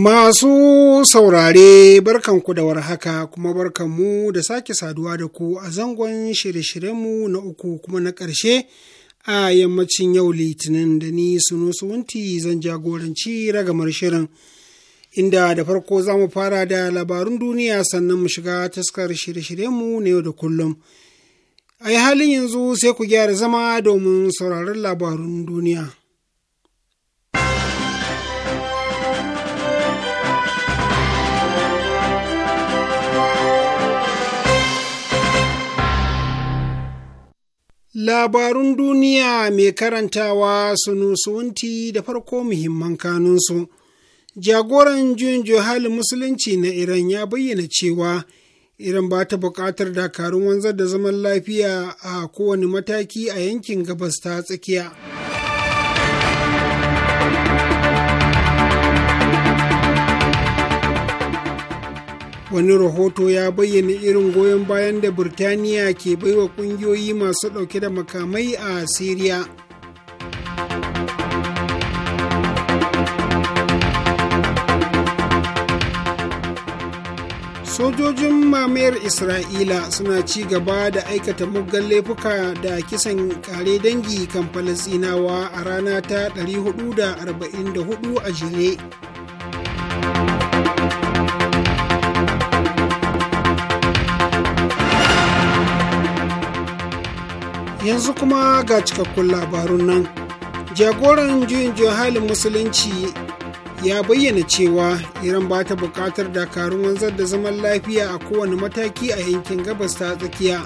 Masu saurare barkanku da haka kuma barkanmu da sake saduwa da ku a zangon shirye-shiryenmu na uku kuma na ƙarshe a yammacin yau litinin da ni suno wunti zan jagoranci ragamar shirin inda da farko za mu fara da labarun duniya sannan mu shiga taskar shirye-shiryenmu na yau da kullum. A halin yanzu sai ku gyara zama domin sauraron labarun duniya. Labarun duniya mai karantawa suwanti da farko muhimman kanunsu. Jagoran juyin juhal musulunci na Iran ya bayyana cewa Iran ba ta buƙatar dakarun wanzar da zaman lafiya a kowane mataki a yankin gabas ta tsakiya. wani rahoto ya bayyana irin goyon bayan da Birtaniya ke baiwa kungiyoyi masu ɗauke da makamai a siriya sojojin mamayar isra'ila suna ci gaba da aikata muggan laifuka da kisan kare dangi kan falasinawa a rana ta 444 a jere. yanzu kuma ga cikakkun labarun nan jagoran juyin halin musulunci ya bayyana cewa iran ba ta bukatar dakarun wanzar da zaman lafiya a kowane mataki a yankin gabas ta tsakiya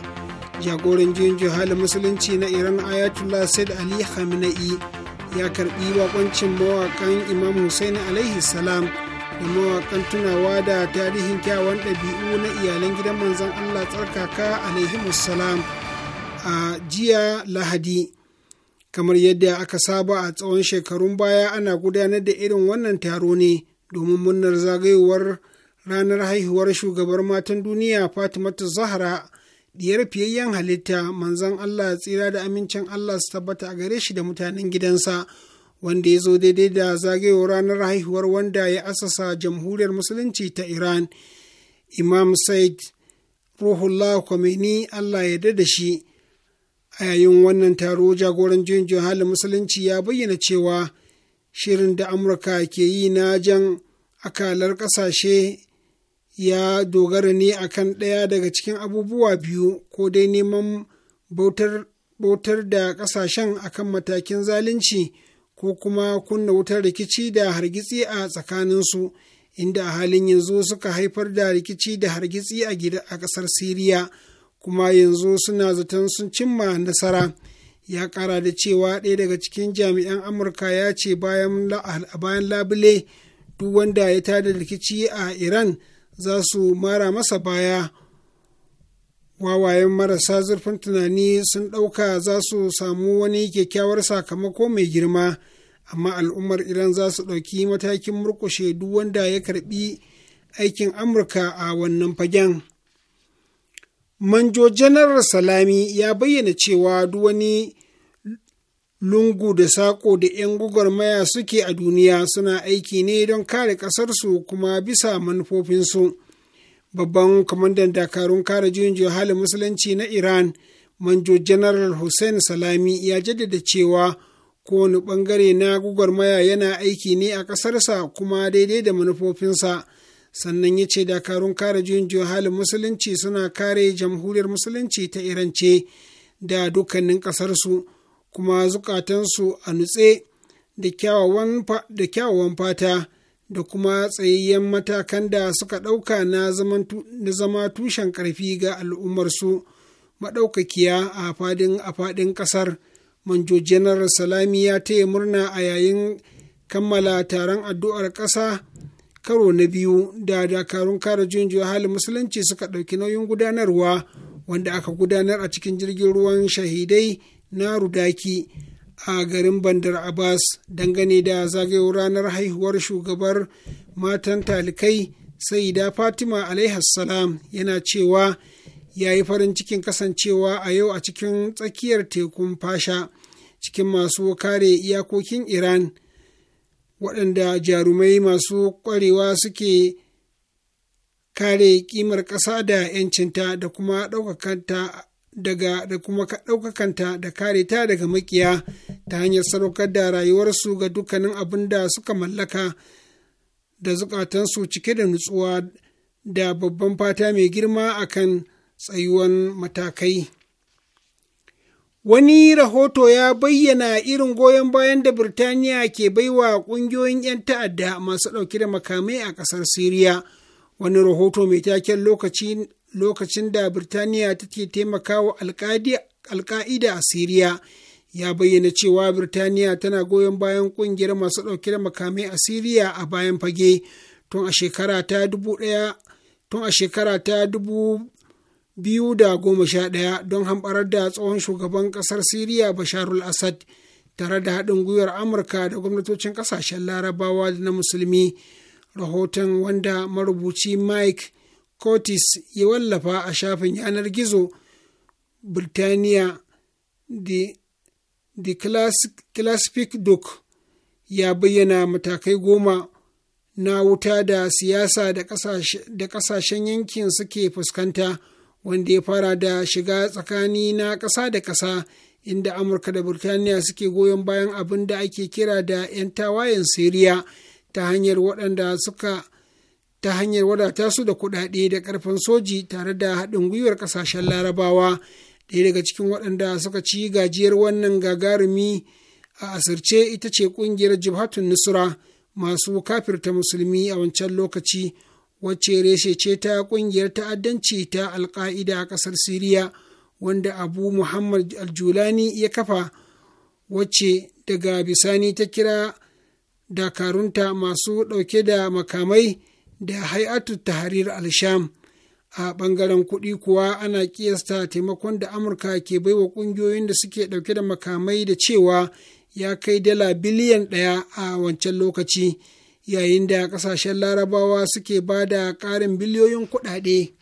jagoran juyin halin musulunci na iran ayatollah said ali khamenei ya karbi wakoncin mawakan imam hussein alaihi salam da mawakan tunawa da tarihin kyawawan ɗabi'u na iyalan gidan manzon allah tsarkaka alaihi salam a jiya lahadi kamar yadda aka saba a tsawon shekarun baya ana gudanar da irin wannan taro ne domin murnar zagayowar ranar haihuwar shugabar matan duniya fatimatu zahra diyar fiyayyen halitta manzan allah tsira da amincin allah su tabbata a gare shi da mutanen gidansa wanda ya zo daidai da zagayowar ranar haihuwar wanda ya asasa jamhuriyar musulunci ta iran imam said ruhullah kwamini allah ya da shi a yayin wannan taro jagoran juyin halin musulunci ya bayyana cewa shirin da amurka ke yi na jan akalar ƙasashe ya dogara ne akan ɗaya daga cikin abubuwa biyu ko dai neman bautar, da ƙasashen akan matakin zalunci ko kuma kunna wutar rikici da hargitsi a tsakaninsu inda a halin yanzu suka haifar da rikici da hargitsi a ƙasar siriya kuma yanzu suna zaton sun cimma nasara ya kara da cewa ɗaya daga cikin jami'an amurka ya ce bayan labule duk wanda ya tada rikici a iran za su mara masa baya wawayen marasa zurfin tunani sun ɗauka za su samu wani kyakkyawar sakamako mai girma amma al'ummar iran za su ɗauki matakin murkushe duk wanda ya karbi aikin amurka a wannan fagen. manjo janar salami ya bayyana cewa duk wani lungu da sako da 'yan maya suke a duniya suna aiki ne don kare ƙasarsu kuma bisa manufofinsu babban kwamandan dakarun kare juyin halin musulunci na iran manjo janar hussein salami ya jaddada cewa kowane bangare na maya yana aiki ne a ƙasarsa kuma daidai da manufofinsa sannan ya ce dakarun kare juyin halin musulunci suna kare jamhuriyar musulunci ta iran ce da dukkanin ƙasarsu kuma zukatansu a nutse da kyawawan fata da kuma tsayayyen matakan da suka ɗauka na zama tushen karfi ga al'ummarsu maɗaukakiya a fadin a fadin ƙasar manjo janar salami ya taya murna a yayin kammala taron addu'ar ƙasa karo na biyu da dakarun kare junjiya halin musulunci suka ɗauki nauyin gudanarwa wanda aka gudanar a cikin jirgin ruwan shahidai na rudaki a garin bandar abbas dangane da zagayowar ranar haihuwar shugabar matan talikai sai da fatima alaihassalam yana cewa ya yi farin cikin kasancewa a yau a cikin tsakiyar tekun fasha cikin masu kare iyakokin iran waɗanda jarumai masu ƙwarewa suke kare ƙimar ƙasa da 'yancinta da kuma ɗaukakanta daga da kuma ɗaukakanta da kare ta daga makiya ta hanyar sadaukar da rayuwarsu ga dukkanin abin da suka mallaka da zukatansu cike da nutsuwa da babban fata mai girma akan tsayuwan matakai. Wani rahoto ya bayyana irin goyon bayan da Birtaniya ke baiwa ƙungiyoyin 'yan ta'adda masu ɗauke da makamai a ƙasar Siriya. Wani rahoto mai taken lokacin da Birtaniya take taimakawa alka'ida a Siriya ya bayyana cewa Birtaniya tana goyon bayan ƙungiyar masu ɗauke da makamai a Siriya a bayan fage tun a shekara ta tun a shekara ta dubu biyu da goma sha ɗaya don hamɓarar da tsohon shugaban ƙasar siriya bashar al-assad tare da haɗin gwiwar amurka da gwamnatocin ƙasashen larabawa na musulmi rahoton wanda marubuci mike curtis ya wallafa a shafin yanar gizo birtaniya the classic duke ya bayyana matakai goma na wuta da siyasa da ƙasashen yankin suke fuskanta. wanda ya fara da shiga tsakani na ƙasa da ƙasa inda amurka da burtaniya suke goyon bayan abin da ake kira da 'yan tawayen siriya ta hanyar waɗanda suka ta hanyar wadata su da kuɗaɗe da ƙarfin soji tare da haɗin gwiwar ƙasashen larabawa ɗaya daga cikin waɗanda suka ci gajiyar wannan gagarumi a asirce ita ce ƙungiyar jibhatun nusra masu kafirta musulmi a wancan lokaci wacce reshe ce ta kungiyar ta'addanci ta alka'ida a kasar siriya wanda abu muhammad aljulani ya kafa wacce daga bisani ta kira dakarunta masu ɗauke da makamai da hay'atu tahrir al-sham a ɓangaren kuɗi kuwa ana ƙiyasta taimakon da amurka ke baiwa ƙungiyoyin da suke ɗauke da makamai da cewa ya kai dala biliyan ɗaya a wancan lokaci yayin da kasashen larabawa suke ba da ƙarin biliyoyin kuɗaɗe.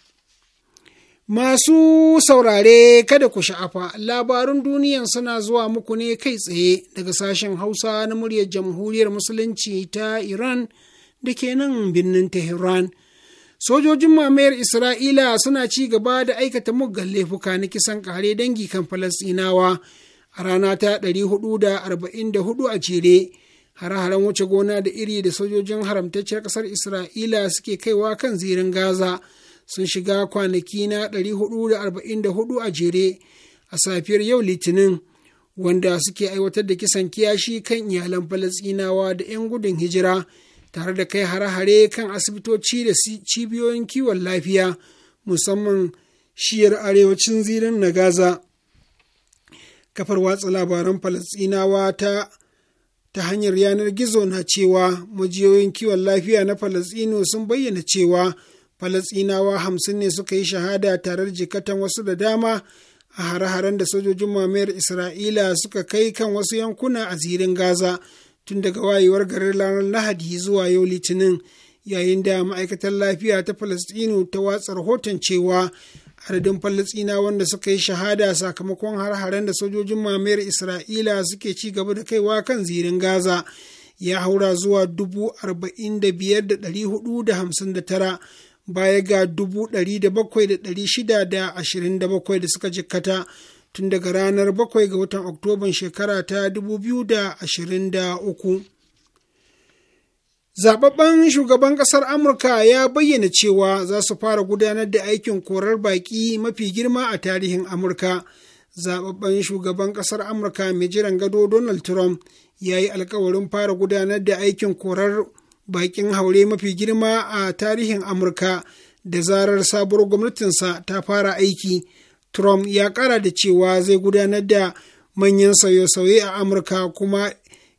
Masu saurare kada ku sha'afa labarun duniyan suna zuwa muku ne kai tsaye daga sashen Hausa na muryar Jamhuriyar Musulunci ta Iran da ke nan birnin Tehran. Sojojin mamayar Isra'ila suna ci gaba da aikata muggan laifuka na kisan kare dangi kan Falasɗinawa a rana ta 444 a jere. hare haren wuce gona da iri da sojojin haramtacciyar ƙasar isra'ila suke kaiwa kan zirin gaza sun shiga kwanaki na 444 a jere a safiyar yau litinin wanda suke aiwatar da kisan kiyashi kan iyalan falasinawa da 'yan gudun hijira tare da kai hare-hare kan asibitoci da cibiyoyin kiwon lafiya musamman shiyar arewacin zirin na gaza kafar watsa labaran falasinawa ta ta hanyar yanar gizo na cewa majiyoyin kiwon lafiya na falasino sun bayyana cewa falasinawa hamsin ne suka yi shahada tare da jikatan wasu da dama a hare-haren da sojojin mamayar isra'ila suka kai kan wasu yankuna a zirin gaza tun daga wayewar garin ranar lahadi zuwa yau litinin yayin da ma'aikatar lafiya ta falasɗinu ta watsa rahoton cewa adadin fallastina wanda suka yi shahada sakamakon har-haren da sojojin mamayar isra'ila suke ci gaba da kaiwa kan zirin gaza ya haura zuwa dubu arba'in da baya ga dubu da bakwai da suka jikkata tun daga ranar bakwai ga watan oktoban shekara ta dubu biyu uku Zababben shugaban ƙasar Amurka ya bayyana cewa za su fara gudanar da aikin korar baƙi mafi girma a tarihin Amurka. Zababben shugaban ƙasar Amurka mai jiran gado Donald Trump ya yi alkawarin fara gudanar da aikin korar baƙin haure mafi girma a tarihin Amurka da zarar sabuwar gwamnatinsa ta fara aiki. Trump ya ƙara da cewa zai gudanar da manyan sauye-sauye a Amurka kuma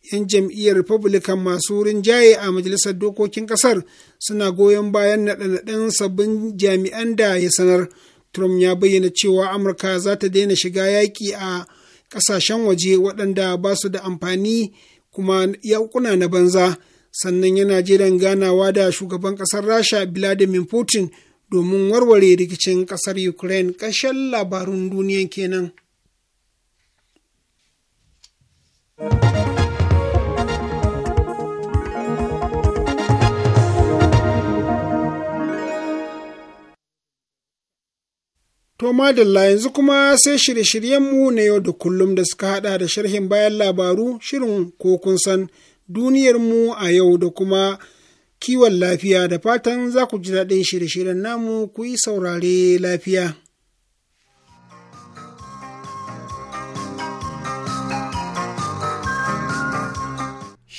'yan jam'iyyar republican masu rinjaye a majalisar dokokin kasar suna goyon bayan naɗe-naɗen sabbin jami'an da ya sanar trump ya bayyana cewa amurka za ta daina shiga yaƙi a ƙasashen waje waɗanda ba su da amfani kuma yankuna na banza sannan yana jiran ganawa da shugaban ƙasar rasha vladimir putin domin warware rikicin ƙasar ukraine ƙarshen labarun duniya kenan. To madalla yanzu kuma sai shirye-shiryenmu na yau da kullum da suka haɗa da sharhin bayan labaru shirin ko kun san duniyar mu a yau da kuma kiwon lafiya da fatan za ku ji daɗin shirye-shiryen namu ku yi saurare lafiya.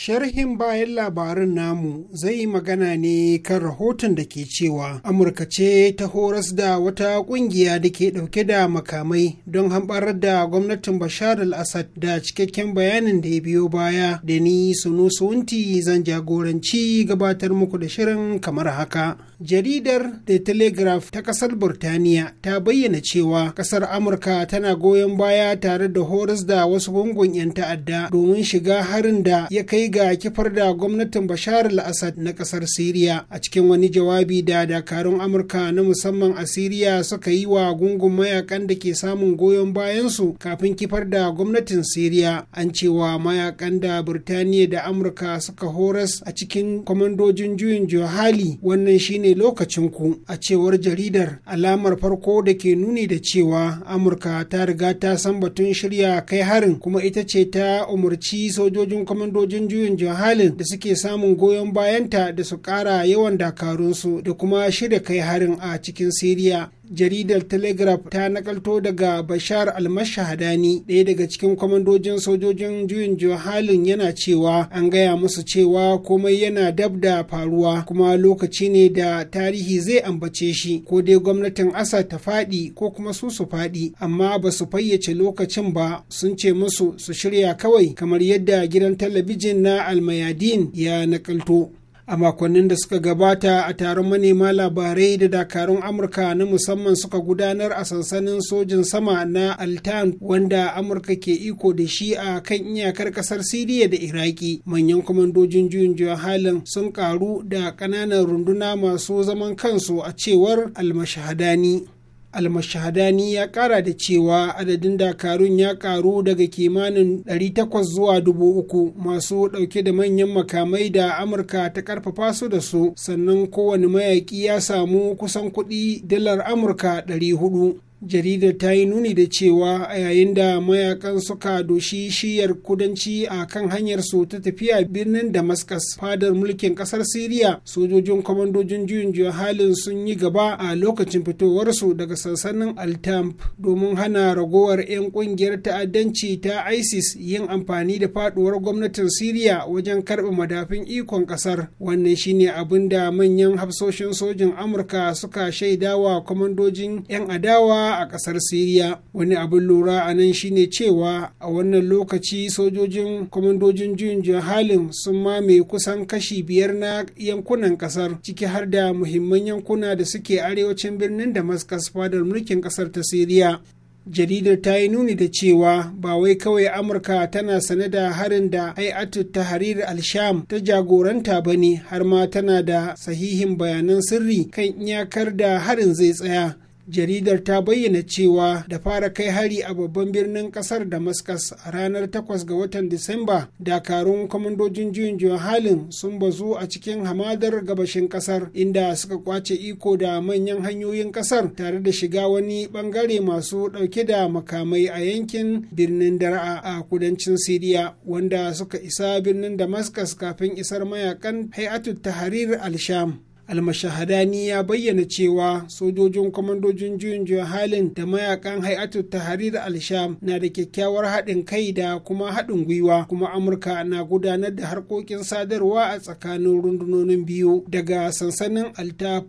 Sharhin bayan labarin namu zai yi magana ne kan rahoton da ke cewa Amurka ce ta horas da wata ƙungiya da ke ɗauke da makamai don hamɓarar da gwamnatin Bashar al-Assad da cikakken bayanin da ya biyo baya da ni Sunu Suwunti zan jagoranci gabatar muku da shirin kamar haka. Jaridar The Telegraph ta ƙasar Burtaniya ta bayyana cewa ƙasar Amurka tana goyon baya tare da horas da wasu gungun 'yan ta'adda domin shiga harin da ya kai ga kifar da gwamnatin bashar al-assad na kasar siriya a cikin wani jawabi da dakarun amurka na musamman a siriya suka yi wa gungun mayakan da ke samun goyon bayansu kafin kifar da gwamnatin siriya an cewa mayakan da birtaniya da amurka suka horas a cikin kwamandojin juyin johali wannan shine lokacin ku a cewar jaridar alamar farko da ke nuni da cewa amurka ta riga ta san batun shirya kai harin kuma ita ce ta umarci sojojin kwamandojin juyin juyin johalin da suke samun goyon bayanta da su kara yawan dakarunsu da kuma shirya kai harin a cikin siriya jaridar telegraph ta nakalto daga bashar almashahadani ɗaya daga cikin kwamandojin sojojin juyin juhalin yana cewa an gaya musu cewa komai yana dab da faruwa kuma lokaci ne da tarihi zai ambace shi ko dai gwamnatin asa ta faɗi ko kuma su su faɗi amma ba su fayyace lokacin ba sun ce musu su shirya kawai kamar yadda gidan talabijin na almayadin ya nakalto a makonnin da suka gabata a taron manema labarai da dakarun amurka na musamman suka gudanar a sansanin sojin sama na altan wanda amurka ke iko da shi a kan iyakar kasar siriya da iraki manyan kwamandojin juyin juya halin sun karu da ƙananan runduna masu zaman kansu a cewar almashahadani almashahadani ya kara da cewa adadin dakarun ya karu daga kimanin 800 zuwa 3000 masu dauke da manyan makamai da amurka ta karfafa su da su sannan kowane mayaki ya samu kusan kudi dalar amurka 400 jaridar ta yi nuni da cewa a yayin da mayakan suka doshi shiyar kudanci a kan hanyar su ta tafiya birnin damascus fadar mulkin kasar siriya sojojin kwamandojin juyin juya halin sun yi gaba a lokacin fitowarsu daga sansanin altamp domin hana ragowar 'yan kungiyar ta'addanci ta isis yin amfani da faduwar gwamnatin siriya wajen karɓa madafin ikon kasar wannan shine abin da manyan hafsoshin sojin amurka suka shaidawa kwamandojin 'yan adawa a ƙasar siriya wani abin lura a nan shine cewa a wannan lokaci sojojin kwamandojin juyin halin sun mamaye kusan kashi biyar na yankunan ƙasar ciki har da muhimman yankuna da suke arewacin birnin damascus fadar mulkin ƙasar ta siriya jaridar ta yi nuni da cewa ba wai kawai amurka tana sane da harin da hay'atu tahrir al-sham ta jagoranta ba ne har ma tana da sahihin bayanan sirri kan iyakar da harin zai tsaya jaridar ta bayyana cewa da fara kai hari a babban birnin kasar damascus a ranar 8 ga watan disamba dakarun kwamandojin juyin juyin halin sun bazu a cikin hamadar gabashin kasar inda suka kwace iko da manyan hanyoyin kasar tare da shiga wani bangare masu dauke da makamai a yankin birnin Dara a kudancin siriya wanda suka isa birnin damascus kafin isar mayakan hay'atul tahrir al-sham almashahadani ya bayyana cewa sojojin kwamandojin juyin juyin halin da mayakan hayatu tahrir al-sham na da kyakkyawar haɗin kai da kuma haɗin gwiwa kuma amurka na gudanar da harkokin sadarwa a tsakanin rundunonin biyu daga sansanin altaf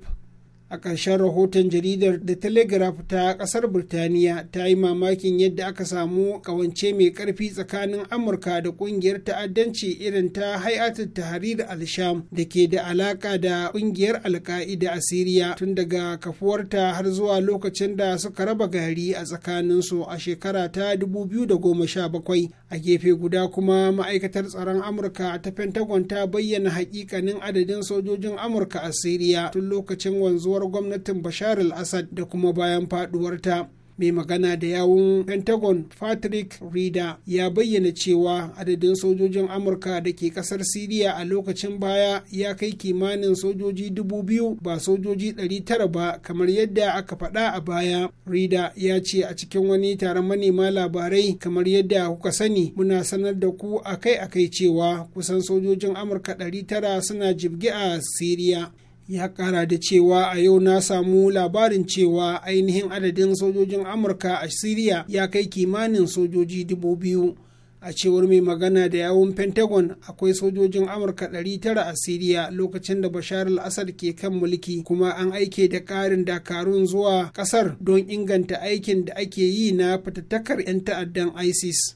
a ƙarshen rahoton jaridar da telegraph ta ƙasar birtaniya ta yi mamakin yadda aka samu ƙawance mai ƙarfi tsakanin amurka da ƙungiyar ta'addanci irin ta hayatul tahrir al-sham da ke da alaƙa da ƙungiyar alka'ida a siriya tun daga kafuwarta har zuwa lokacin da suka raba gari a tsakaninsu a shekara ta 2017 a gefe guda kuma ma'aikatar tsaron amurka ta pentagon ta bayyana hakikanin adadin sojojin amurka a Syria tun lokacin wanzuwar gwamnatin bashar al-assad da kuma bayan faduwarta mai magana da yawun pentagon patrick reeder ya bayyana cewa adadin sojojin amurka da ke kasar siriya a lokacin baya ya kai kimanin sojoji dubu biyu ba sojoji ɗari tara ba kamar yadda aka faɗa a baya reeder ya ce a cikin wani taron manema labarai kamar yadda kuka sani muna sanar da ku akai-akai cewa kusan sojojin amurka ɗari tara suna jibge a siriya ya kara da cewa a yau na samu labarin cewa ainihin adadin sojojin amurka a Syria ya kai kimanin sojoji dubu biyu a cewar mai magana da yawon pentagon akwai sojojin amurka 900 a Syria lokacin da bashar al-assad ke kan mulki kuma an aike da karin dakarun zuwa kasar don inganta aikin da ake yi na fitattakar 'yan ta'addan isis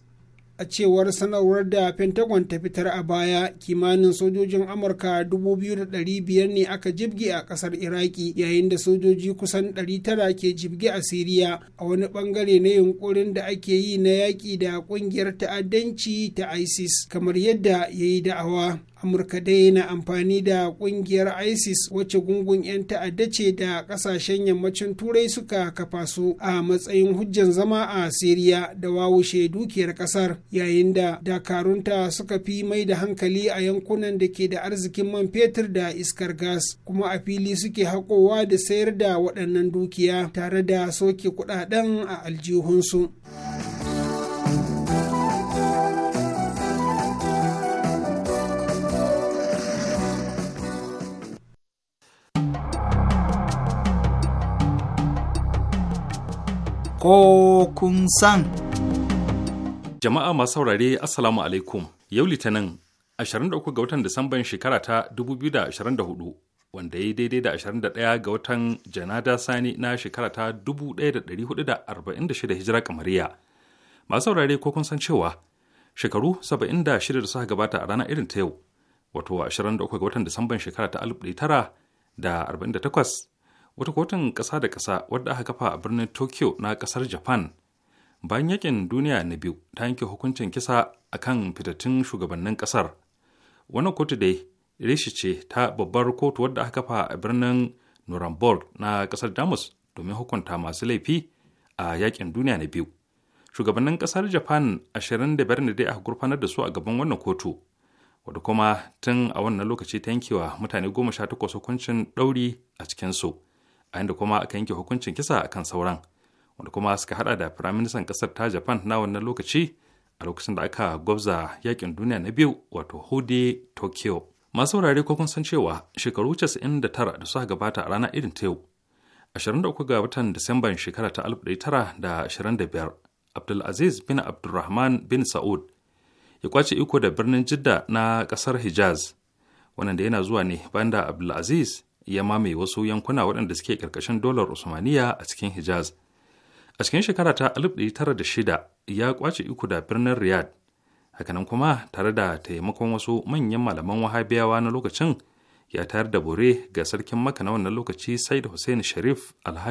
a cewar sanarwar da pentagon ta fitar a baya kimanin sojojin amurka 2,500 ne aka jibge a kasar iraki yayin da sojoji kusan 900 ke jibge a siriya a wani bangare na yunkurin da ake yi na yaƙi da ƙungiyar ta'addanci ta isis kamar yadda ya yi da'awa amurka dai na amfani da kungiyar isis wacce gungun 'yan ta'adda ce da kasashen yammacin turai suka kafa su a matsayin hujjan zama a siriya da wawushe dukiyar kasar yayin da dakarunta suka fi mai da hankali a yankunan da ke da arzikin man fetur da iskar gas kuma a fili suke haƙowa da sayar da waɗannan dukiya tare da soke kuɗaɗen a aljihunsu. ko kun san. Jama'a masu saurare Assalamu alaikum yau Litinin 23 ga watan Disamban shekara ta 2024 wanda ya yi daidai da 21 ga watan Janada Sani na shekara ta 1446 hijira kamariya. Masu saurare ko kun san cewa shekaru 76 da suka gabata a ranar irin ta yau wato 23 ga watan Disamban shekara ta 1948 wata kotun ƙasa da ƙasa wadda aka kafa a birnin tokyo na ƙasar japan bayan yakin duniya na biyu ta yanke hukuncin kisa a kan fitattun shugabannin ƙasar wannan kotu dai reshi ce ta babbar kotu wadda aka kafa a birnin nuremberg na ƙasar jamus domin hukunta masu laifi a yakin duniya na biyu shugabannin ƙasar japan ashirin biyar ne dai aka gurfanar da su a gaban wannan kotu wadda kuma tun a wannan lokaci ta yankewa mutane goma sha takwas hukuncin ɗauri a cikinsu. a inda kuma aka yanke hukuncin kisa akan sauran wanda kuma suka hada da firaministan kasar ta japan na wannan lokaci a lokacin da aka gwabza yakin duniya na biyu wato hude tokyo masu wurare ko kun san cewa shekaru 99 da suka gabata a rana irin ta yau 23 ga watan disamban shekara ta 1925 abdulaziz bin abdulrahman bin sa'ud ya kwace iko da birnin jidda na kasar hijaz wannan da yana zuwa ne bayan da abdulaziz ya mamaye wasu yankuna waɗanda suke ƙarƙashin dolar Usmaniya a cikin Hijaz. A cikin shekara ta 1906 ya kwace iko da birnin Riyadh. Hakanan kuma tare da taimakon wasu manyan malaman wahabiyawa na lokacin ya tayar da bore ga sarkin maka na wannan lokaci Said Hussein Sharif al a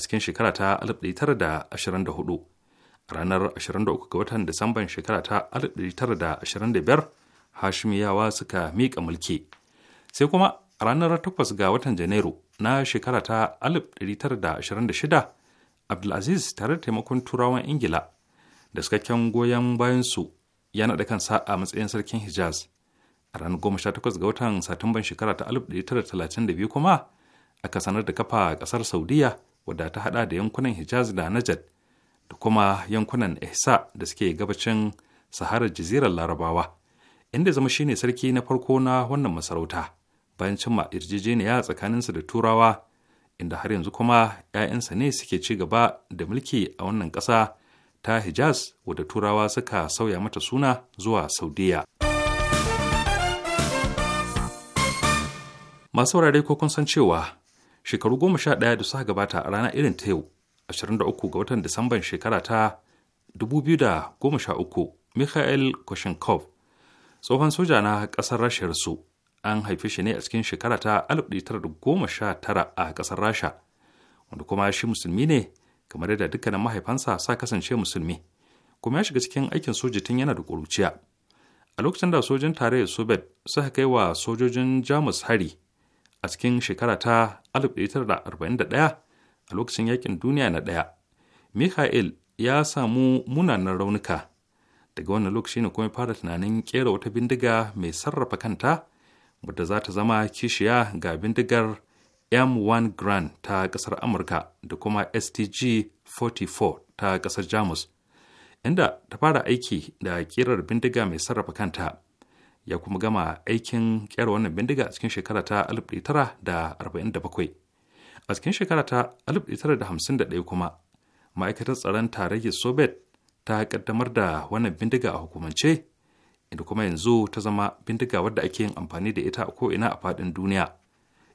cikin shekara ta 1924. Ranar 23 ga watan Disamban shekara ta 1925 Hashimiyawa suka miƙa mulki. Sai kuma A ranar 8 ga watan Janairu na shekara ta 1926, Abdulaziz tare da taimakon Turawan Ingila da kyan goyon bayansu ya naɗa kansa a matsayin sarkin Hijaz. A ranar 18 ga watan Satumban shekara ta 1932 kuma aka sanar da kafa ƙasar Saudiya wadda ta haɗa da yankunan Hijaz da Najad da kuma yankunan Ihsa da suke gabacin Saharar Jazirar Larabawa, inda zama shine sarki na farko na wannan masarauta. bayan cimma yarjejeniya tsakaninsa da turawa inda har yanzu kuma 'ya'yansa ne suke ci gaba da mulki a wannan ƙasa ta hijaz wadda turawa suka sauya mata suna zuwa saudiya masu wurare ko kun san cewa shekaru goma sha ɗaya da suka gabata a rana irin ta yau 23 ga watan disamban shekara ta 2013 mikhail koshinkov tsohon soja na ƙasar rasha rasu an haife shi ne a cikin shekara ta 1919 a ƙasar rasha wanda kuma shi musulmi ne kamar yadda dukkanin mahaifansa sa kasance musulmi kuma ya shiga cikin aikin soji tun yana da ƙuruciya a lokacin da sojin tarayyar soviet suka kai wa sojojin jamus hari a cikin shekara ta 1941 a lokacin yakin duniya na ɗaya mikhail ya samu munanan raunuka daga wannan lokaci ne kuma fara tunanin kera wata bindiga mai sarrafa kanta wadda za ta zama kishiya ga bindigar M1 Grand ta ƙasar Amurka da kuma STG 44 ta ƙasar Jamus, inda ta fara aiki da ƙirar bindiga mai sarrafa kanta, ya kuma gama aikin ƙera wannan bindiga a cikin shekara ta 1947. A cikin shekara ta 1951 kuma, ma'aikatar tsaron tarayyar Soviet ta ƙaddamar da wannan bindiga a hukumance inda kuma yanzu ta zama bindiga wadda ake yin amfani da ita a ko'ina a faɗin duniya.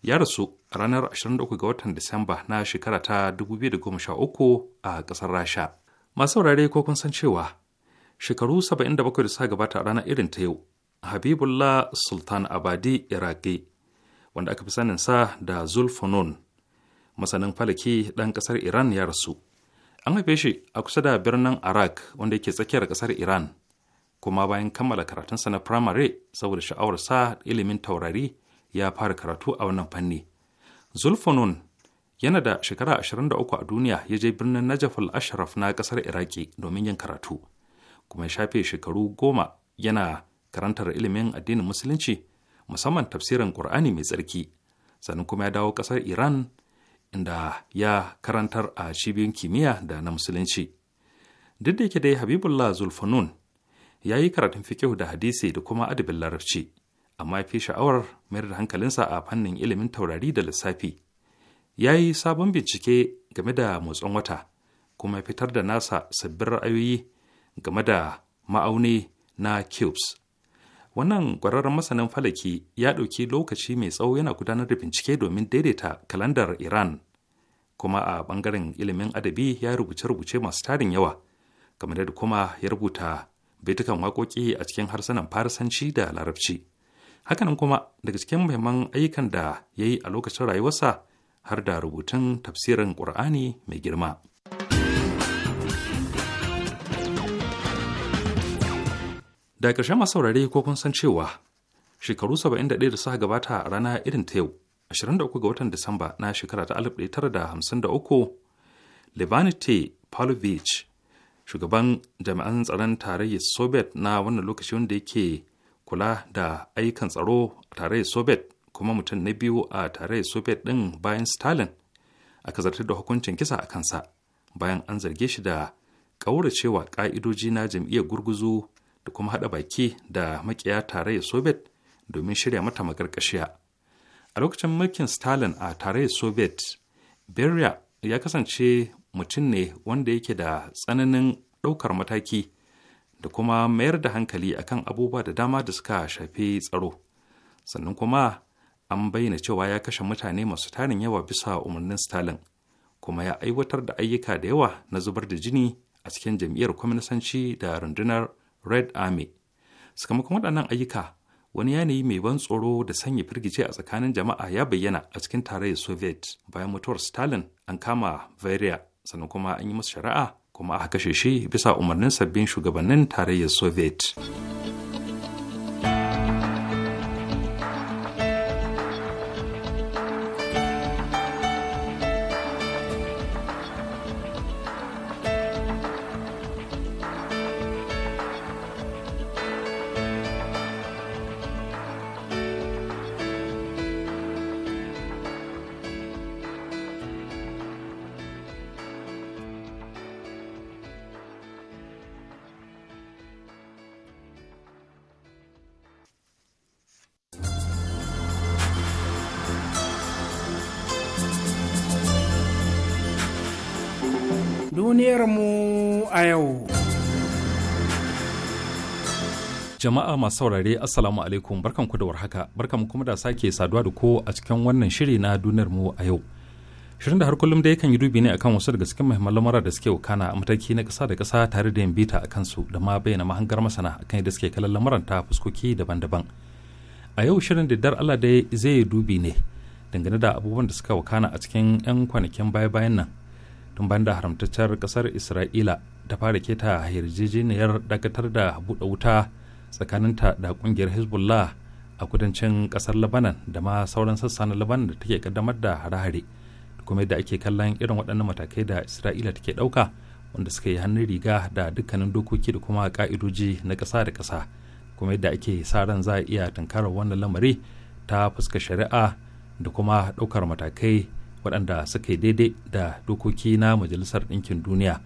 Ya rasu a ranar 23 ga watan Disamba na shekara ta 2013 a ƙasar Rasha. Masu saurare ko kun san cewa shekaru 77 da sa gabata a ranar irin ta yau, Habibullah Sultan Abadi Iraki, wanda aka fi sanin sa da Zulfunun, masanin falaki ɗan ƙasar Iran ya rasu. An haife shi a kusa da birnin Arak wanda yake tsakiyar ƙasar Iran. kuma bayan kammala karatun sa na firamare saboda sha'awar sa ilimin taurari ya fara karatu a wannan fanni zulfanun yana da shekara ashirin da uku a duniya ya je birnin najaf al-ashraf na kasar iraki domin yin karatu kuma ya shafe shekaru goma yana karantar ilimin addinin musulunci musamman tafsirin Ƙur'ani mai tsarki sannan kuma ya dawo kasar iran inda ya karantar a cibiyoyin kimiyya da na musulunci duk da yake dai habibullah zulfanun ya yi karatun fikihu da hadisi da kuma adabin larabci amma fi sha'awar mayar da hankalinsa a fannin ilimin taurari da lissafi ya yi sabon bincike game da motsin wata kuma ya fitar da nasa sabbin ra'ayoyi game da ma'auni na cubes wannan ƙwararren masanin falaki ya ɗauki lokaci mai tsawo yana gudanar da bincike domin daidaita kalandar iran kuma a ɓangaren ilimin adabi ya rubuce-rubuce masu tarin yawa game da kuma ya rubuta dukan waƙoƙi a cikin harsunan farisanci da larabci hakanan kuma daga cikin muhimman ayyukan da ya yi a lokacin rayuwarsa har da rubutun tafsirin ƙur'ani mai girma da ƙarshen masu saurare ko kun san cewa shekaru 71 da suka gabata a rana irin ta yau 23 ga watan Disamba na shekara ta da 1953 Levanite Pavlovich shugaban jami'an tsaron tarayyar soviet na wannan lokaci wanda yake kula da ayyukan tsaro a tarayyar soviet kuma mutum na biyu a tarayyar soviet din bayan stalin aka zartar da hukuncin kisa a kansa bayan an zarge shi da ƙauracewa ka'idoji na jam'iyyar gurguzu da kuma haɗa baki da makiya tarayyar soviet domin shirya mata makarkashiya a lokacin mulkin stalin a tarayyar soviet beria ya kasance mutum ne wanda yake da tsananin ɗaukar mataki da kuma mayar da hankali akan abubuwa da dama da suka shafi tsaro sannan kuma an bayyana cewa ya kashe mutane masu tarin yawa bisa umarnin stalin kuma ya aiwatar da ayyuka da yawa na zubar da jini a cikin jam'iyyar kwaminisanci da rundunar red army sakamakon waɗannan ayyuka wani yanayi mai ban tsoro da sanya firgice a tsakanin jama'a ya bayyana a cikin tarayyar soviet bayan mutuwar stalin an kama varia sannan kuma an yi musu shari'a kuma aka kashe shi bisa umarnin sabbin shugabannin tarayyar soviet mu a yau. Jama'a masu saurare Assalamu alaikum barkanku da warhaka barkanku kuma da sake saduwa da ko a cikin wannan shiri na duniyar mu a yau. Shirin da har kullum da yakan yi dubi ne akan wasu daga cikin muhimman lamura da suke wakana a mataki na kasa da kasa tare da yin bita a kansu da ma bayyana mahangar masana akan yadda suke kallon lamuran ta fuskoki daban-daban. A yau shirin da dar Allah dai zai dubi ne dangane da abubuwan da suka wakana a cikin 'yan kwanakin baya-bayan nan tun bayan da haramtaccen kasar isra'ila ta fara keta yarjejeniyar dakatar da buɗe wuta tsakaninta da ƙungiyar hezbollah a kudancin kasar labanan da ma sauran sassa na labanan da take kaddamar da hare-hare kuma yadda ake kallon irin waɗannan matakai da isra'ila take ɗauka wanda suka yi hannun riga da dukkanin dokoki da kuma ƙa'idoji na ƙasa da ƙasa kuma yadda ake sa ran za a iya tunkarar wannan lamari ta fuska shari'a da kuma ɗaukar matakai waɗanda suka yi daidai da dokoki na majalisar ɗinkin duniya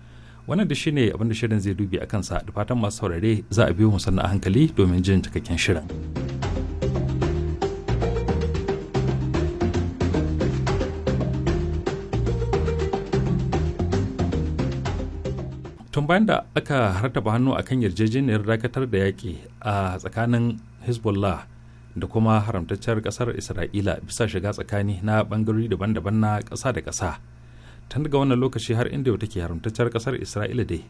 wannan da shine abinda shirin zai dubi a kansa da fatan masu saurare za a biyo musanna a hankali domin jin cikakken shirin tun bayan da aka rataba hannu akan yarjejeniyar dakatar da yaƙi a tsakanin hezbollah da kuma haramtacciyar kasar isra'ila bisa shiga tsakani na bangarori daban-daban na ƙasa da ƙasa tun daga wannan lokaci har inda yau take haramtacciyar kasar isra'ila dai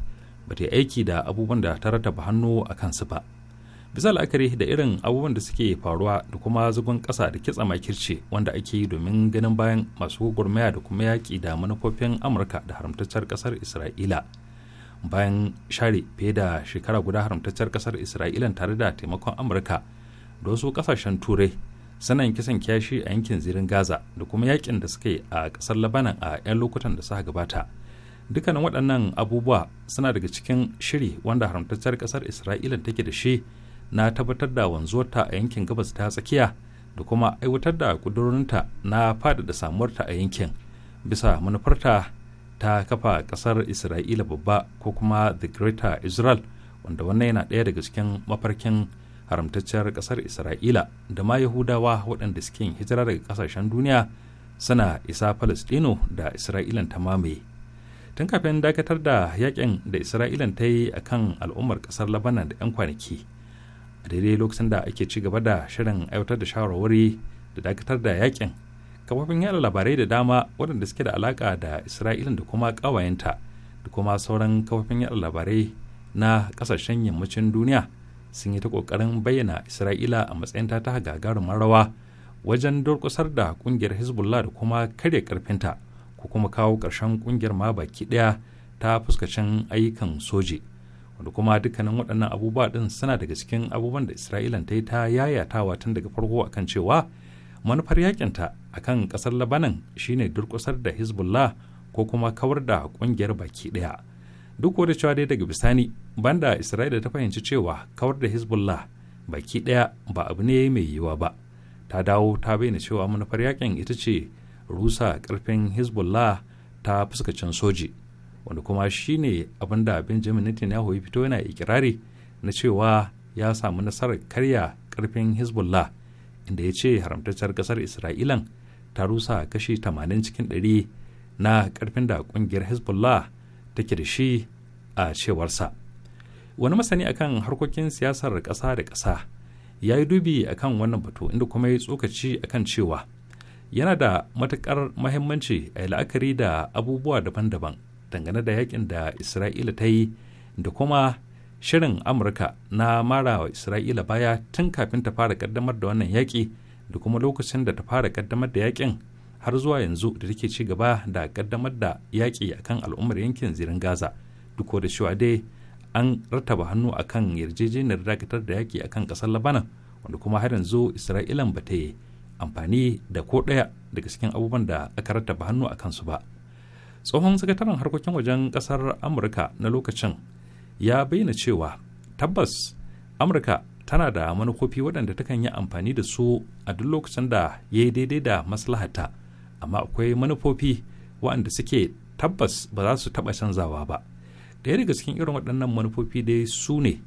ba ta yi aiki da abubuwan da ta rataba hannu a kansu ba bisa la'akari da irin abubuwan da suke faruwa da kuma zagon ƙasa da kitsa makirce wanda ake yi domin ganin bayan masu gurmaya da kuma yaƙi da manufofin amurka da haramtacciyar kasar isra'ila bayan share fiye da shekara guda haramtacciyar kasar isra'ilan tare da taimakon amurka da wasu kasashen turai sanan kisan kyashi a yankin zirin gaza da kuma yakin da suka yi a kasar labanan a 'yan lokutan da suka gabata dukkanin waɗannan abubuwa suna daga cikin shiri wanda haramtacciyar kasar isra'ila take da shi na tabbatar da wanzuwarta a yankin gabas ta tsakiya da kuma aiwatar da kudurinta na faɗaɗa samuwarta a yankin bisa manufarta ta kafa kasar isra'ila babba ko kuma the greater israel wanda wannan yana ɗaya daga cikin mafarkin haramtacciyar kasar isra'ila da ma yahudawa waɗanda suke yin hijira daga ƙasashen duniya suna isa falastino da isra'ilan ta mamaye tun kafin dakatar da yakin da isra'ilan ta yi a kan al'ummar ƙasar labanan da 'yan kwanaki a daidai lokacin da ake ci gaba da shirin aiwatar da shawarwari da dakatar da yakin kafofin yada labarai da dama waɗanda suke da alaƙa da isra'ilan da kuma ƙawayenta da kuma sauran kafofin yada labarai na ƙasashen yammacin duniya sun yi ta kokarin bayyana isra'ila a matsayin ta ta gagarumin rawa wajen durkusar da kungiyar hezbollah da kuma karya karfinta ko kuma kawo karshen kungiyar ma baki daya ta fuskacin ayyukan soji wanda kuma dukkanin waɗannan abubuwa ɗin suna daga cikin abubuwan da isra'ilan ta yi ta yayatawa tun daga farko akan cewa manufar yakin ta akan ƙasar labanan shine durkusar da hezbollah ko kuma kawar da kungiyar baki ɗaya duk wani cewa dai daga bisani banda isra'ila ta fahimci cewa kawar da hezbollah baki ɗaya ba abu ne mai yiwuwa ba ta dawo ta bayyana cewa manufar yakin ita ce rusa karfin hezbollah ta fuskacin soji wanda kuma shine abin da benjamin netanyahu ya fito yana ikirari na cewa ya samu nasarar karya karfin hezbollah inda ya ce haramtacciyar kasar isra'ilan ta rusa kashi 80 cikin 100 na karfin da kungiyar hezbollah take da shi a cewarsa wani masani akan harkokin siyasar ƙasa da ƙasa ya yi dubi akan wannan batu inda kuma ya tsokaci akan cewa yana da matuƙar mahimmanci a yi la'akari da abubuwa daban-daban dangane da yakin da isra'ila ta yi da kuma shirin amurka na mara wa isra'ila baya tun kafin ta fara kaddamar da wannan yaƙi da kuma lokacin da ta fara kaddamar da yaƙin har zuwa yanzu da take ci gaba da kaddamar da yaƙi akan al'ummar yankin zirin gaza duk da cewa dai an rattaba hannu a kan yarjejeniyar dakatar da yaƙi akan ƙasar labanan wanda kuma har yanzu Isra'ila ba ta yi amfani da ko ɗaya daga cikin abubuwan da aka rattaba hannu a kansu ba tsohon sakataren harkokin wajen ƙasar amurka na lokacin ya bayyana cewa tabbas amurka tana da manufofi waɗanda takan yi amfani da su a duk lokacin da ya yi daidai da maslahata amma akwai manufofi waɗanda suke tabbas ba za su taɓa canzawa ba ɗaya daga cikin irin waɗannan manufofi dai su ne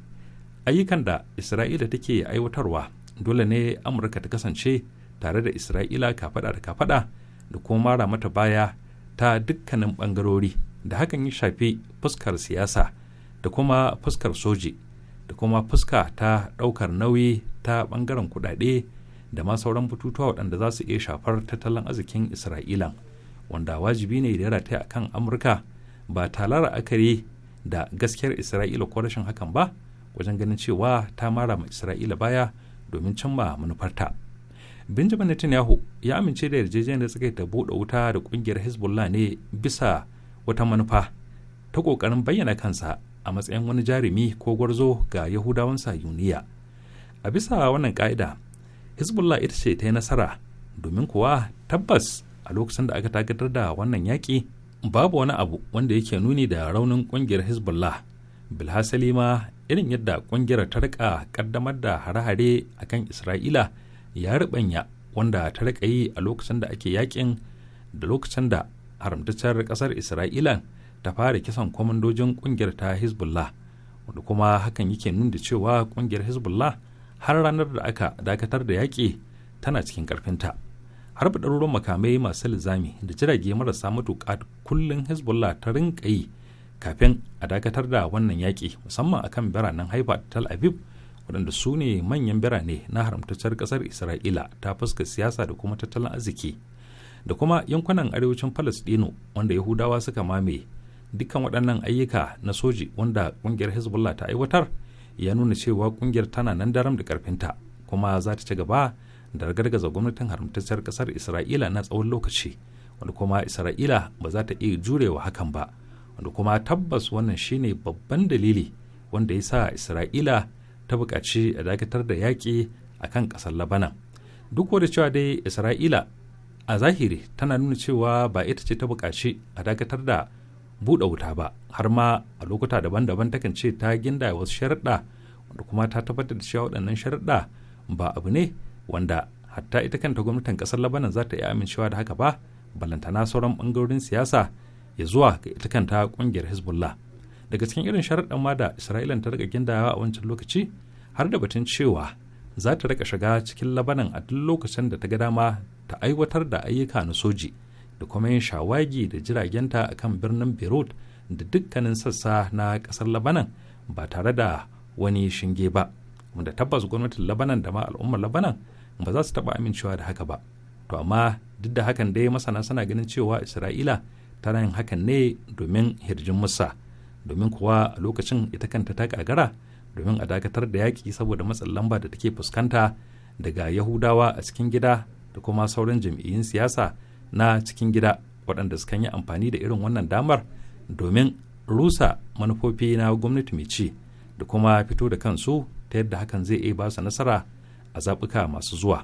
ayyukan da isra'ila take aiwatarwa dole ne amurka ta kasance tare da isra'ila kafaɗa da kafaɗa da kuma mara mata baya ta dukkanin ɓangarori da hakan ya shafi fuskar siyasa da kuma fuskar soji da kuma fuska ta ɗaukar nauyi ta ɓangaren kuɗaɗe da ma sauran bututuwa waɗanda za su iya shafar tattalin arzikin isra'ila wanda wajibi ne da ya rataya a kan amurka ba talar akari da gaskiyar isra'ila ko rashin hakan ba wajen ganin cewa ta mara ma isra'ila baya domin cimma manufarta benjamin netanyahu ya amince da yarjejeniyar da suka ta buɗe wuta da ƙungiyar hezbollah ne bisa wata manufa ta ƙoƙarin bayyana kansa a matsayin wani jarumi ko gwarzo ga yahudawan sayuniya a bisa wannan ƙa'ida hezbollah ita ce ta yi nasara domin kuwa tabbas a lokacin da aka takatar da wannan yaƙi babu wani abu wanda yake nuni da raunin ƙungiyar hezbollah bilhassali ma irin yadda ƙungiyar ta rika ƙaddamar da hare-hare a kan isra'ila ya riɓanya wanda ta rika yi a lokacin da ake yaƙin da lokacin da haramtaccen ƙasar isra'ila ta fara kisan kwamandojin ƙungiyar ta hezbollah wanda kuma hakan yake nuni da cewa ƙungiyar hezbollah har ranar da aka dakatar da yaƙi tana cikin ƙarfinta harba ɗaruruwan makamai masu lizami da jirage marasa matuƙa kullum hezbollah ta rinka yi kafin a dakatar da wannan yaƙi musamman akan biranen haifa da tal aviv waɗanda su ne manyan birane na haramtaccen ƙasar isra'ila ta fuska siyasa da kuma tattalin arziki da kuma yankunan arewacin palestino wanda yahudawa suka mame dukkan waɗannan ayyuka na soji wanda ƙungiyar hezbollah ta aiwatar ya nuna cewa kungiyar tana nan daram da karfinta kuma za ta ci gaba da ragargaza gwamnatin haramtacciyar kasar isra'ila na tsawon lokaci wanda kuma isra'ila ba za ta iya jurewa hakan ba wanda kuma tabbas wannan shine babban dalili wanda ya sa isra'ila ta buƙaci a dakatar da yaƙi a kan ƙasar labanan duk da cewa dai isra'ila a zahiri tana nuna cewa ba ita ce ta buƙaci a dakatar da buɗe wuta ba har ma a lokuta daban-daban takan ce ta ginda wasu sharaɗa wanda kuma ta tabbatar da cewa waɗannan sharaɗa ba abu ne wanda hatta ita kanta gwamnatin ƙasar labanan za ta iya amincewa da haka ba balantana sauran ɓangarorin siyasa ya zuwa ga ita kanta ƙungiyar hezbollah daga cikin irin sharaɗan ma da isra'ila ta rika gindawa a wancan lokaci har da batun cewa za ta rika shiga cikin labanan a duk lokacin da ta ga dama ta aiwatar da ayyuka na soji da kuma yin shawagi da jiragenta a kan birnin beirut da dukkanin sassa na kasar labanan ba tare da wani shinge ba wanda tabbas gwamnatin labanan da ma al'ummar labanan ba za su taba amincewa da haka ba to amma duk da hakan dai masana suna ganin cewa isra'ila tana yin hakan ne domin hirjin musa domin kuwa a lokacin ita kanta ta kagara domin a dakatar da yaƙi saboda matsin lamba da take fuskanta daga yahudawa a cikin gida da kuma sauran jam'iyyun siyasa na cikin gida waɗanda sukan yi amfani da irin wannan damar domin rusa manufofi na gwamnati mai ci da kuma fito da kansu ta yadda hakan zai iya basu nasara a zaɓuka masu zuwa.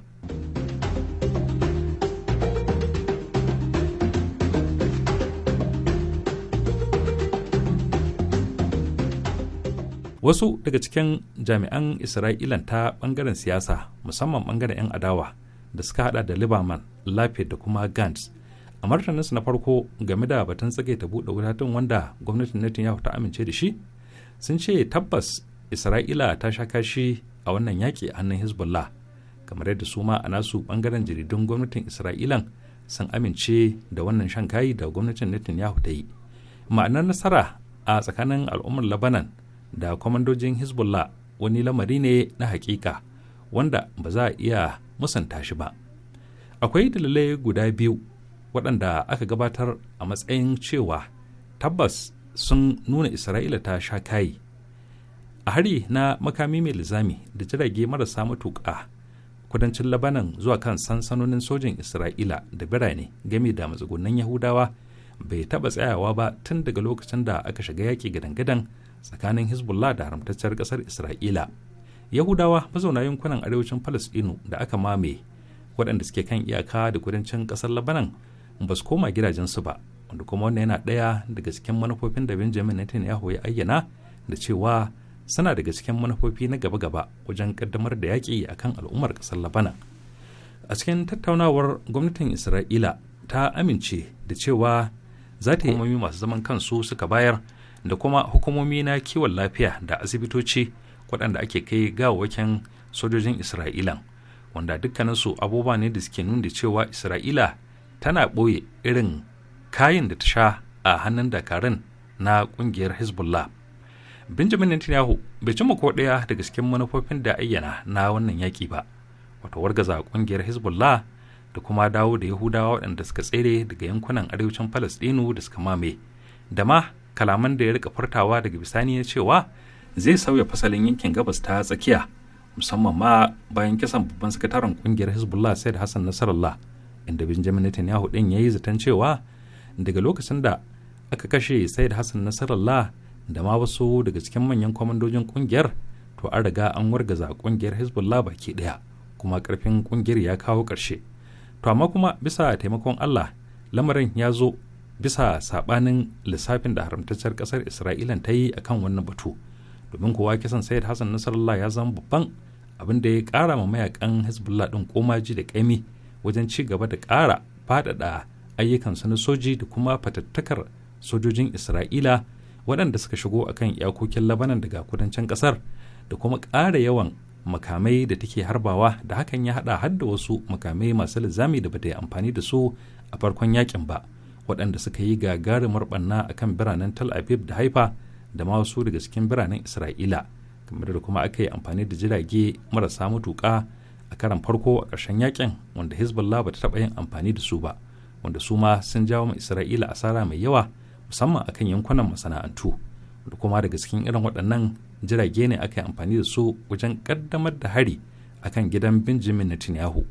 Wasu daga cikin jami'an Isra'ilan ta ɓangaren siyasa musamman ɓangaren 'yan adawa da suka hada da Liberman, lafayette da kuma Gantz. A martaninsu na farko game da batun tsage ta buɗe wutatun wanda gwamnatin Netanyahu ta amince da shi, sun ce tabbas Isra'ila ta sha kashi a wannan yaki a hannun Hezbollah, kamar yadda su ma a nasu ɓangaren jaridun gwamnatin Isra'ilan sun amince da wannan shan kayi da gwamnatin Netanyahu ta yi. Ma'anar nasara a tsakanin al'ummar Labanan da kwamandojin Hezbollah wani lamari ne na hakika wanda ba za a iya musanta shi ba akwai dalilai guda biyu waɗanda aka gabatar a matsayin cewa tabbas sun nuna isra'ila ta sha kayi a hari na makami mai lizami da jirage marasa matuƙa kudancin labanan zuwa kan sansanonin sojin isra'ila da birane game da matsugunan yahudawa bai taɓa tsayawa ba tun daga lokacin da aka shiga yaƙi gadan-gadan tsakanin hezbollah da haramtacciyar ƙasar isra'ila yahudawa mazauna yankunan arewacin palestino da aka mame waɗanda suke kan iyaka da kudancin ƙasar labanan ba su koma gidajensu ba wanda kuma wannan yana ɗaya daga cikin manufofin da benjamin netanyahu ya ayyana da cewa suna daga cikin manufofi na gaba-gaba wajen ƙaddamar da yaƙi akan al'ummar ƙasar labanan a cikin tattaunawar gwamnatin isra'ila ta amince da cewa za ta yi masu zaman kansu suka bayar da kuma hukumomi na kiwon lafiya da asibitoci waɗanda ake kai ga waken sojojin isra'ilan wanda dukkaninsu abubuwa ne da suke nuna cewa isra'ila tana ɓoye irin kayan da ta sha a hannun dakarun na ƙungiyar hezbollah benjamin netanyahu bai cimma ko ɗaya daga cikin manufofin da ayyana na wannan yaƙi ba wato wargaza ƙungiyar hezbollah da kuma dawo da yahudawa waɗanda suka tsere daga yankunan arewacin falastinu da suka mame da ma kalaman da ya rika furtawa daga bisani ya cewa zai sauya fasalin yankin gabas ta tsakiya musamman ma bayan kisan babban sakataren kungiyar hezbollah said hassan nasarallah inda benjamin netanyahu din ya yi zaton cewa daga lokacin da aka kashe said hassan nasarallah da ma wasu daga cikin manyan kwamandojin kungiyar to an riga an wargaza kungiyar hezbollah baki daya kuma karfin kungiyar ya kawo karshe to amma kuma bisa taimakon allah lamarin ya zo bisa saɓanin lissafin da haramtaccen kasar isra'ila ta yi akan wannan batu domin kowa kisan sayid hassan nasarallah ya zama babban abin da ya kara ma mayakan hezbollah din komaji da kaimi wajen ci gaba da kara faɗaɗa ayyukansu na soji da kuma fatattakar sojojin isra'ila waɗanda suka shigo akan iyakokin labanan daga kudancin ƙasar da kuma ƙara yawan makamai da take harbawa da hakan ya haɗa har da wasu makamai masu lizami da bata yi amfani da su a farkon yakin ba waɗanda suka yi gagarumar ɓanna akan biranen tal aviv da haifa da ma wasu daga cikin biranen isra'ila kamar da kuma aka yi amfani da jirage marasa matuƙa a karan farko a ƙarshen yakin wanda hezbollah ba ta taɓa yin amfani da su ba wanda su ma sun jawo ma isra'ila asara mai yawa musamman akan yankunan masana'antu da kuma daga cikin irin waɗannan jirage ne aka yi amfani da su wajen ƙaddamar da hari a kan gidan benjamin netanyahu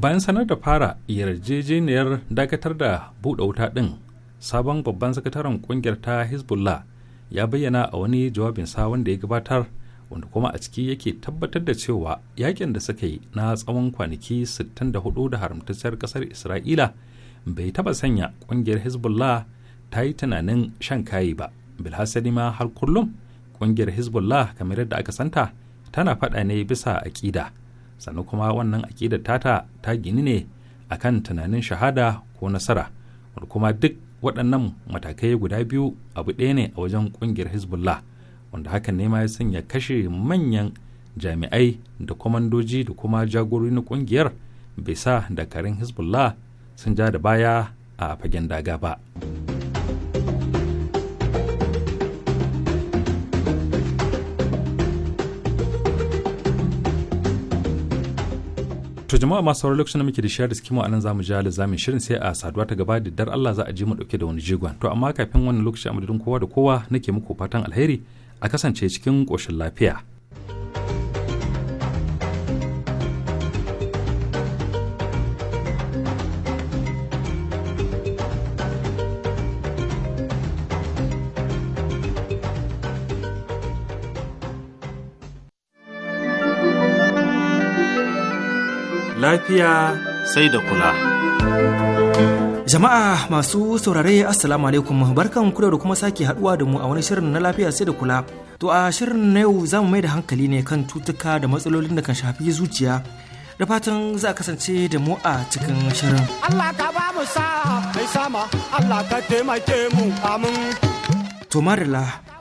bayan sanar da fara yarjejeniyar dakatar da buɗe wuta ɗin sabon babban sakataren ƙungiyar ta hezbollah ya bayyana a wani jawabinsa wanda ya gabatar wanda kuma a ciki yake tabbatar da cewa yakin da suka yi na tsawon kwanaki 64 da haramtacciyar kasar isra'ila bai taba sanya kungiyar hezbollah ta yi tunanin shan kayi ba bilhassani ma har kullum kungiyar hezbollah kamar yadda aka santa tana faɗa ne bisa aƙida sannan kuma wannan aƙidar tata ta gini ne akan tunanin shahada ko nasara wanda kuma duk waɗannan matakai guda biyu abu ɗaya ne a wajen ƙungiyar hezbollah wanda hakan ne ma ya sanya kashe manyan jami'ai da kwamandoji da kuma jagorori na ƙungiyar bai sa dakarun hezbollah sun ja da baya a fagen daga ba. to jama'a masu sauran lokacin da muke da shiyar da sikimo anan zamu ji zamin shirin sai a saduwa ta gaba da dar Allah za a ji mu dauke da wani jigon to amma kafin wannan lokaci a madadin kowa da kowa nake muku fatan alheri a kasance cikin koshin lafiya lafiya sai da kula. Jama'a masu saurare Assalamu alaikum barkan ku da kuma sake haduwa da mu a wani shirin na lafiya sai da kula. To a shirin na yau za mu mai da hankali ne kan cutuka da matsalolin da kan shafi zuciya. Da fatan za a kasance da mu a cikin shirin. Allah ka ba mu sa mai sama Allah ka taimake mu amin. To marilla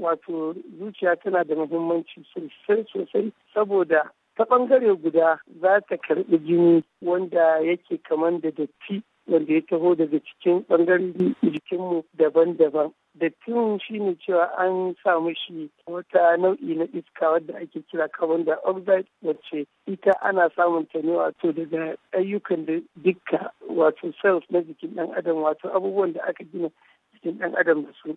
wato zuciya tana da muhimmanci sosai sosai saboda ta ɓangare guda za ta karɓi jini wanda yake kamar da datti wanda ya taho daga cikin bangare jikinmu daban-daban. Dattin shi ne cewa an samu shi wata nau'i na iska wadda ake kira carbon dioxide wacce ita ana samun ta ne wato daga ayyukan da dukka wato cells na jikin ɗan adam wato abubuwan da aka gina jikin ɗan adam da su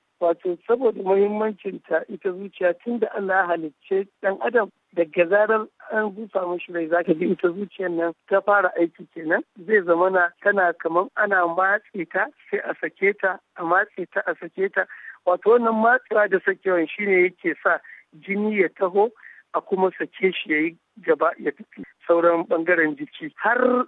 wato saboda muhimmancinta ita zuciya tunda da Allah halicce dan adam daga zarar an busa mashi rai zaka ji ita zuciyar nan ta fara aiki kenan zai zama na tana kamar ana matse ta sai a sake ta a matse ta a sake ta wato wannan matsewa da sakewan shine yake sa jini ya taho a kuma sake shi yayi gaba ya tafi sauran bangaren jiki har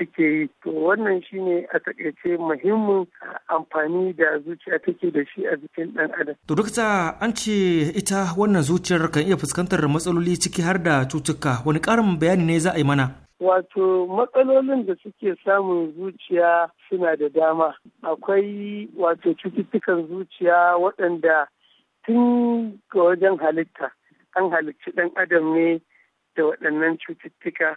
suke yi to wannan shine a takaice muhimmin amfani da zuciya take da shi a jikin dan adam to dokta an ce ita wannan zuciyar kan iya fuskantar matsaloli ciki har da cutuka wani karin bayani ne za a yi mana wato matsalolin da suke samun zuciya suna da dama akwai wato cututtukan zuciya waɗanda tun ga wajen halitta an halicci ɗan adam ne da waɗannan cututtuka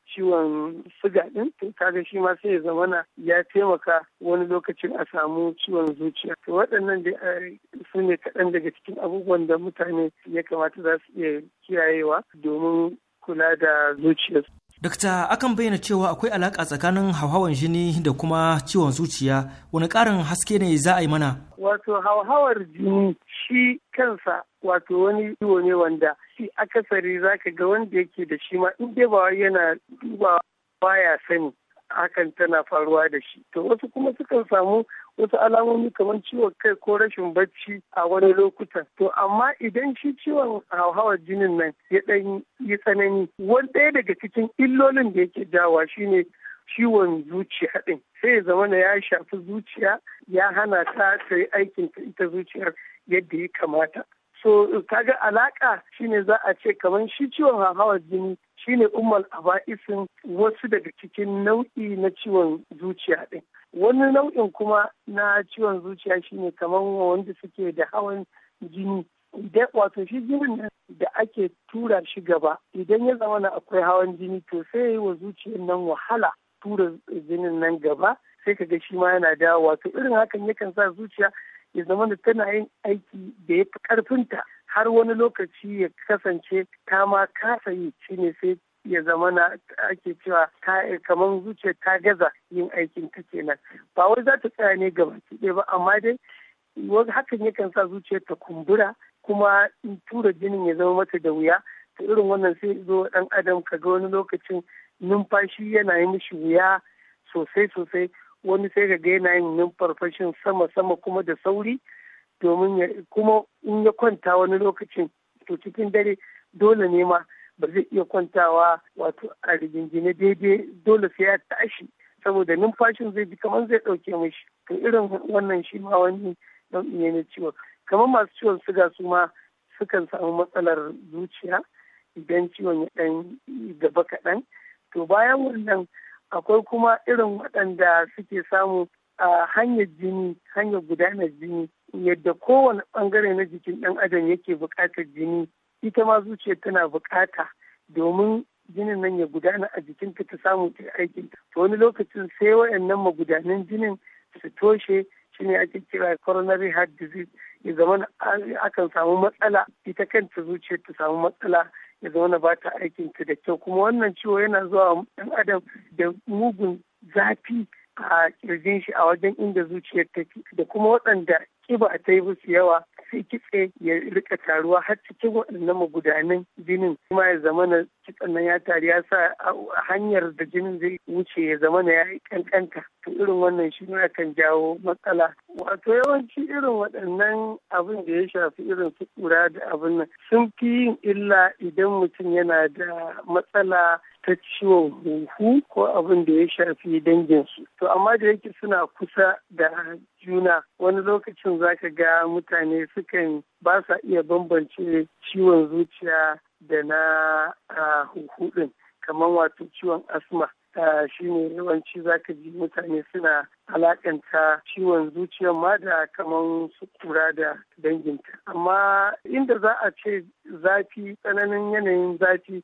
ciwon suga din to kaga shi ma sai ya zamana ya taimaka wani lokacin a samu ciwon zuciya to waɗannan da su ne kaɗan daga cikin abubuwan da mutane ya kamata za su iya kiyayewa domin kula da zuciyarsu Dokta akan bayyana cewa akwai alaƙa tsakanin hauhawan jini da kuma ciwon zuciya wani ƙarin haske ne za a yi mana. Wato hauhawar jini shi kansa wato wani iwo ne wanda shi akasari ka ga wanda yake da shi ma in dai ba yana duba baya sani hakan tana faruwa da shi to wasu kuma sukan samu wasu alamomi kamar ciwon kai ko rashin bacci a wani lokutan to amma idan shi ciwon hauhawar jinin nan ya dan yi tsanani wani ɗaya daga cikin illolin da yake jawa shine ciwon zuciya ɗin sai ya zama ya shafi zuciya ya hana ta ta yi aikin ita zuciyar yadda ya kamata so kaga alaka shine za a ce kamar shi ciwon hawar jini shine umar a aba'isin wasu daga cikin nau'i na ciwon zuciya din wani nau'in kuma na ciwon zuciya shine kamar wanda suke da hawan jini idan wato shi jinin da ake tura shi gaba idan ya zama na akwai hawan jini to sai yi wa zuciyar nan wahala tura jinin nan gaba sai ka ga shi ma yana dawo wato irin hakan yakan sa zuciya ya zama da tana yin aiki da ya fi karfinta har wani lokaci ya kasance ta ma kasa yi shi ne sai ya zama na ake cewa ta kamar zuciya ta gaza yin aikin ta kenan ba wai za ta tsaya ne gaba ɗaya ba amma dai hakan yakan sa zuciyar ta kumbura kuma tura jinin ya zama mata da wuya ta irin wannan sai zo dan adam kaga wani lokacin numfashi yana yi mishi wuya sosai sosai wani sai ka ga yana yin numfarfashin sama-sama kuma da sauri domin kuma in ya kwanta wani lokacin to cikin dare dole ne ma ba zai iya kwantawa wato a rigingine daidai dole sai ya tashi saboda numfashin zai bi kamar zai dauke mishi to irin wannan shi ma wani nau'i ne na ciwon kamar masu ciwon suga su ma sukan samu matsalar zuciya idan ciwon ya dan gaba kaɗan to bayan wannan akwai kuma irin waɗanda suke samu a hanyar jini hanyar gudanar jini yadda kowane ɓangare na jikin ɗan adam yake buƙatar jini ita ma zuciya tana buƙata domin jinin nan ya gudana a jikinta ta samu ta aikin to wani lokacin sai waɗannan magudanan jinin su toshe shine ake kira coronary heart disease ya zama akan samu matsala ita kanta zuciya ta samu matsala ya zauna ba ta aikin ta da kyau kuma wannan ciwo yana zuwa ɗan adam da mugun zafi a kirjin shi a wajen inda zuciyar take da kuma waɗanda kiba ta yi musu yawa sai kitse ya rika taruwa har cikin waɗannan magudanan jinin kuma ya zamana kitsen nan ya taru ya sa hanyar da jinin zai wuce ya zamana ya yi kankanta to irin wannan shi ne kan jawo matsala wato yawanci irin waɗannan abin da ya shafi irin su kura da abin nan sun fi yin illa idan mutum yana da matsala ta ciwon huhu ko abin da ya shafi danginsu. To amma da yake suna kusa da juna wani lokacin zaka ga mutane sukan ba sa iya bambance ciwon zuciya da na huhu ɗin kamar wato ciwon asma. shi ne yawanci zaka ji mutane suna alakanta ciwon zuciyar ma da kamar su kura da danginta amma inda za a ce zafi tsananin yanayin zafi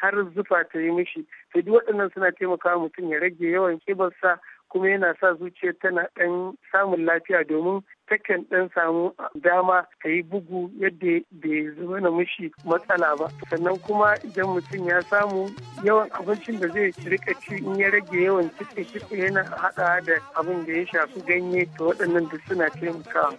har zufa ta yi mishi to duk waɗannan suna taimakawa mutum ya rage yawan kibarsa kuma yana sa zuciya tana ɗan samun lafiya domin takan ɗan samu dama ta yi bugu yadda bai zama na mushi matsala ba sannan kuma idan mutum ya samu yawan abincin da zai rika ci in ya rage yawan kitse kitse yana haɗa da abin da ya shafi ganye to waɗannan da suna taimakawa.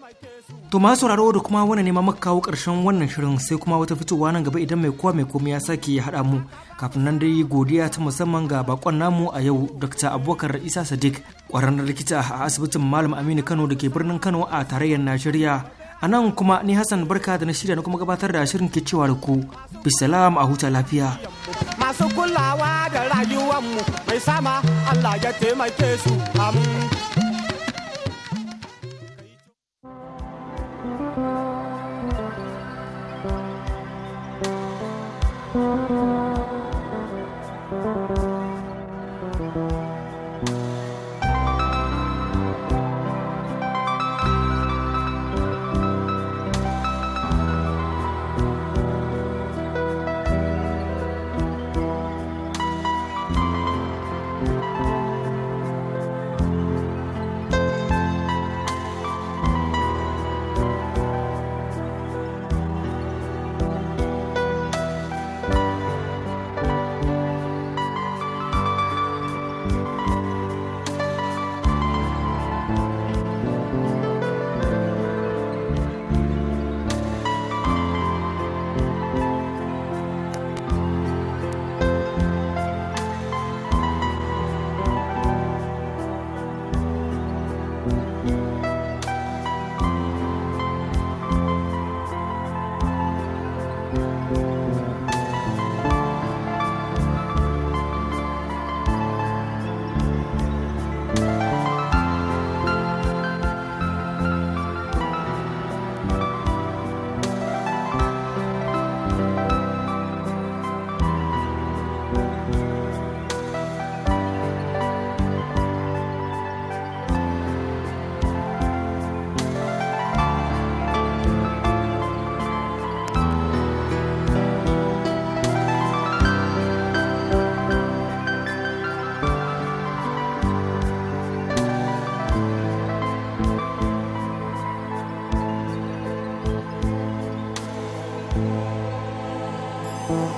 To ma sauraro da kuma wani neman maka kawo ƙarshen wannan shirin sai kuma wata fitowa nan gaba idan mai kowa mai komai ya sake ya haɗa mu kafin nan dai godiya ta musamman ga bakon namu a yau Dr. Abubakar Isa Sadiq ƙwararren likita a asibitin Malam Aminu Kano da ke birnin Kano a a tarayyar Najeriya. A nan kuma ni Hassan Barka da na shirya na kuma gabatar da shirin ke cewa da ku. Bisalam a huta lafiya. Masu kulawa da rayuwanmu mai sama Allah ya taimake su kamu.